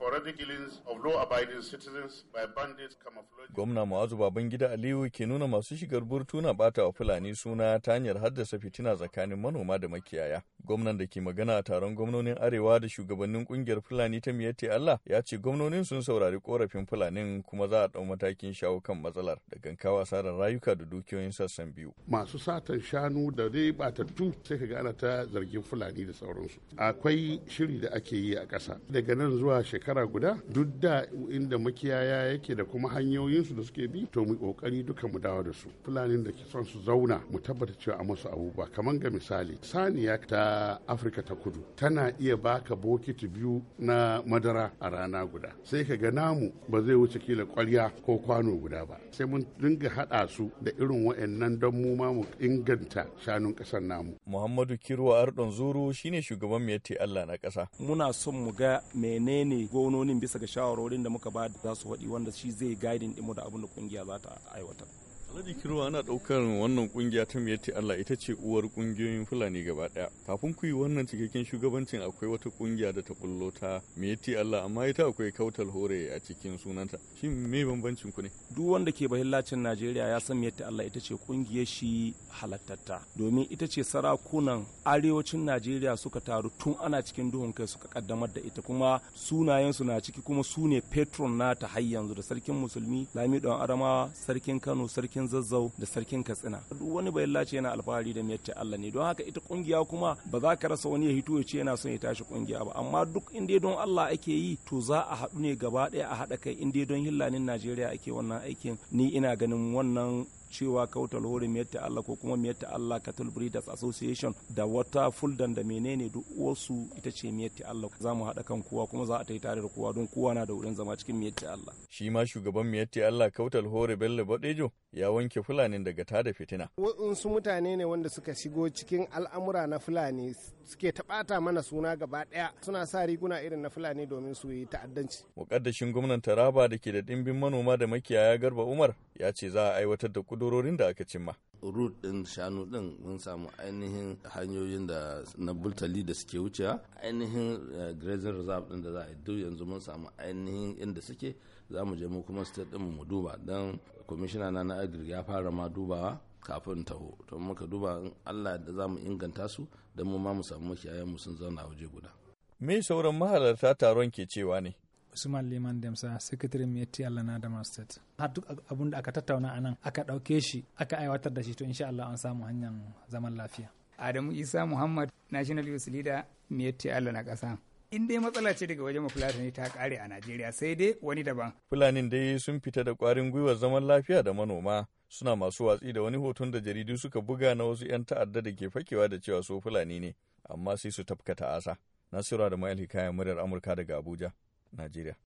sporadic killings of law-abiding by Gwamna Mu'azu Babangida Aliyu ke nuna masu shigar burtu na bata wa Fulani suna ta hanyar haddasa fitina tsakanin manoma da makiyaya. Gwamnan da ke magana a taron gwamnonin Arewa da shugabannin kungiyar Fulani ta Miyatti Allah ya ce gwamnonin sun saurari korafin Fulanin kuma za a ɗau matakin shawo kan matsalar da gankawa tsarin rayuka da dukiyoyin sassan biyu. Masu satan shanu da dai batattu sai ka gana ta zargin Fulani da sauransu. Akwai shiri da ake yi a ƙasa. Daga nan zuwa shekara guda duk da inda makiyaya yake da kuma hanyoyinsu da suke bi to mu kokari duka mu dawo da su. Fulanin da ke son su zauna mu tabbata cewa a musu abubuwa. Kamar ga misali saniya ta afirka ta kudu tana iya baka bokiti biyu na madara a rana guda sai ka ga namu ba zai wuce kila kwarya ko kwano guda ba sai mun dinga haɗa su da irin wa'annan don mu ma mu inganta shanun ƙasar namu muhammadu kirwa ardon zuru shine shugaban miyatti allah na ƙasa muna son mu ga menene gononin bisa ga shawarorin da muka ba da za su faɗi wanda shi zai guiding ɗimo da abin da ƙungiya za ta aiwatar Alhaji Kiruwa ana ɗaukar wannan kungiya ta Miyatti Allah ita ce uwar kungiyoyin Fulani gaba ɗaya. Kafin ku yi wannan cikakken shugabancin akwai wata kungiya da ta bullo ta Miyatti Allah amma ita akwai kautal hore a cikin sunanta. Shi me bambancin ku ne? Duk wanda ke bahillacin Najeriya ya san Miyatti Allah ita ce kungiyar shi halattatta. Domin ita ce sarakunan arewacin Najeriya suka taru tun ana cikin duhun kai suka kaddamar da ita kuma sunayensu na ciki kuma su ne patron ta har yanzu da sarkin musulmi Lamido Adamawa, sarkin Kano, sarkin sarkin zazzau da sarkin katsina duk wani bai lace yana alfahari da miyar Allah ne don haka ita kungiya kuma ba za ka rasa wani ya hito ya ce yana son ya tashi kungiya ba amma duk inda don Allah ake yi to za a haɗu ne gaba ɗaya a haɗa kai in dai don hillanin Najeriya ake wannan aikin ni ina ganin wannan cewa kautal hore miyar Allah ko kuma miyar Allah cattle breeders association da wata fuldan da menene duk wasu ita ce miyatta Allah za mu haɗa kan kowa kuma za a ta yi tare da kowa don kowa na da wurin zama cikin miyar Allah shi ma shugaban miyar Allah kautal hore Bello Badejo ya wanke fulanin daga tada fitina wasu mutane ne wanda suka shigo cikin al'amura na fulani suke taɓata mana suna gaba ɗaya suna sa riguna irin na fulani domin su yi ta'addanci muƙaddashin gwamnan Taraba da ke da ɗimbin manoma da makiyaya Garba Umar ya ce za a aiwatar da ƙadarorin da aka cimma. root din shanu din mun samu ainihin hanyoyin da na bultali da suke wucewa ainihin eh, grazing reserve din da za a duk yanzu mun samu ainihin inda suke za mu je mu kuma state din mu duba don kwamishina na na agri ya fara ma dubawa kafin taho to muka duba in Allah da za mu inganta su don mu ma mu samu makiyayan mu sun zauna waje guda me sauran mahalarta taron ke cewa ne Usman Liman Demsa sakataren Miyatti Allah na Adama State. Har duk abun da aka tattauna a nan aka ɗauke shi aka aiwatar da shi to insha Allah an samu hanyar zaman lafiya. Adamu Isa Muhammad National Youth Leader Miyatti Allah na ƙasa. in dai matsala ce daga wajen Fulani ta kare a Najeriya sai dai wani daban. Fulanin dai sun fita da kwarin gwiwar zaman lafiya da manoma suna masu watsi da wani hoton da jaridu suka buga na wasu 'yan ta'adda da ke fakewa da cewa su Fulani ne, amma sai su tafka ta'asa. Nasiru da Ma'il Hikaya muryar Amurka daga Abuja. Najeriya.